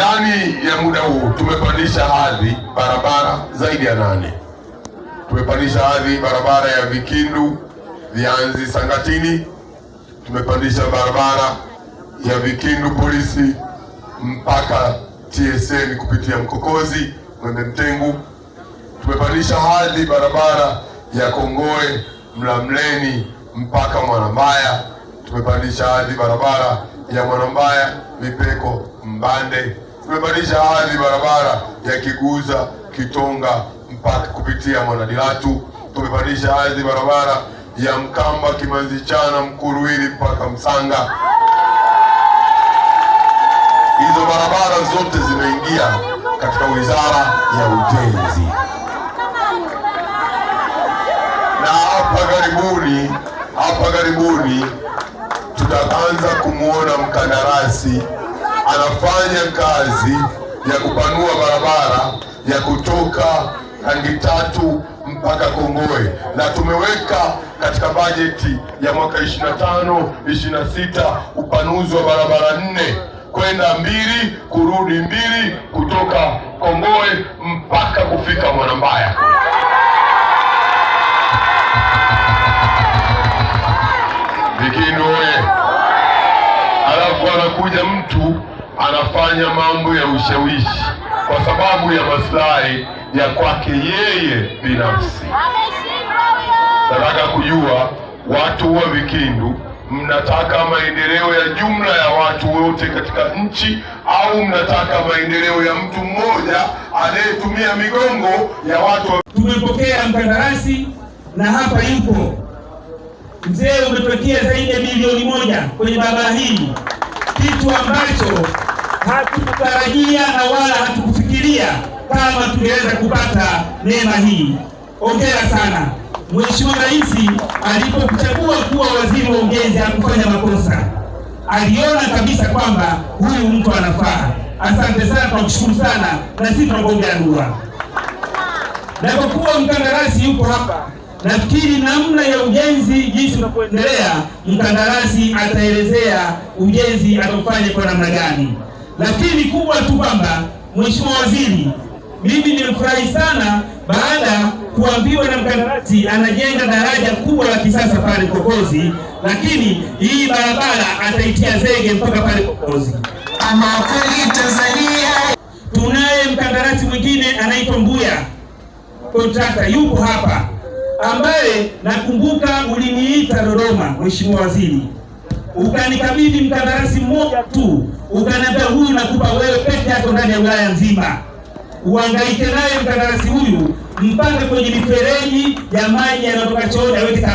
Ndani ya muda huu tumepandisha hadhi barabara zaidi ya nane. Tumepandisha hadhi barabara ya Vikindu Vianzi Sangatini, tumepandisha barabara ya Vikindu polisi mpaka TSN kupitia Mkokozi Mwembe Mtengu, tumepandisha hadhi barabara ya Kongoe Mlamleni mpaka Mwanambaya, tumepandisha hadhi barabara ya Mwanambaya Mipeko Mbande tumebadilisha hadhi barabara ya Kiguza Kitonga mpaka kupitia Mwanadilatu, tumebadilisha hadhi barabara ya Mkamba kimanzichana Mkuruwili mpaka Msanga. Hizo barabara zote zimeingia katika wizara ya ujenzi, na hapa karibuni, hapa karibuni tutaanza kumwona mkandarasi anafanya kazi ya kupanua barabara ya kutoka rangi tatu mpaka Kongowe na tumeweka katika bajeti ya mwaka 25 26 upanuzi wa barabara nne kwenda mbili kurudi mbili kutoka Kongowe mpaka kufika Mwanambaya. Vikindu oye! Alafu anakuja mtu anafanya mambo ya ushawishi kwa sababu ya maslahi ya kwake yeye binafsi. Nataka kujua watu wa Vikindu, mnataka maendeleo ya jumla ya watu wote katika nchi au mnataka maendeleo ya mtu mmoja anayetumia migongo ya watu wa... Tumepokea mkandarasi na hapa yupo mzee, umetuwekea zaidi ya bilioni moja kwenye barabara hii, kitu ambacho hatukutarajia na wala hatukufikiria kama tungeweza kupata neema hii. Ongera sana Mheshimiwa Rais alipokuchagua kuwa waziri wa ujenzi hakufanya makosa, aliona kabisa kwamba huyu mtu anafaa. Asante sana, tunakushukuru sana na sisi tunakuombea dua. Na kwa kuwa mkandarasi yuko hapa, nafikiri namna ya ujenzi jinsi unavyoendelea, mkandarasi ataelezea ujenzi ataufanya kwa namna gani. Lakini kubwa tu kwamba Mheshimiwa Waziri, mimi nimfurahi sana baada kuambiwa na mkandarasi anajenga daraja kubwa la kisasa pale Kokozi, lakini hii barabara ataitia zege mpaka pale Kokozi. Ama kweli Tanzania tunaye mkandarasi mwingine anaitwa Mbuya kontrakta, yupo hapa, ambaye nakumbuka uliniita Dodoma, Mheshimiwa Waziri ukanikabidhi mkandarasi mmoja tu, ukaniambia huyu nakupa wewe peke yako ndani ya wilaya nzima, uhangaike naye mkandarasi huyu, mpaka kwenye mifereji ya maji yanayotoka chooni aweke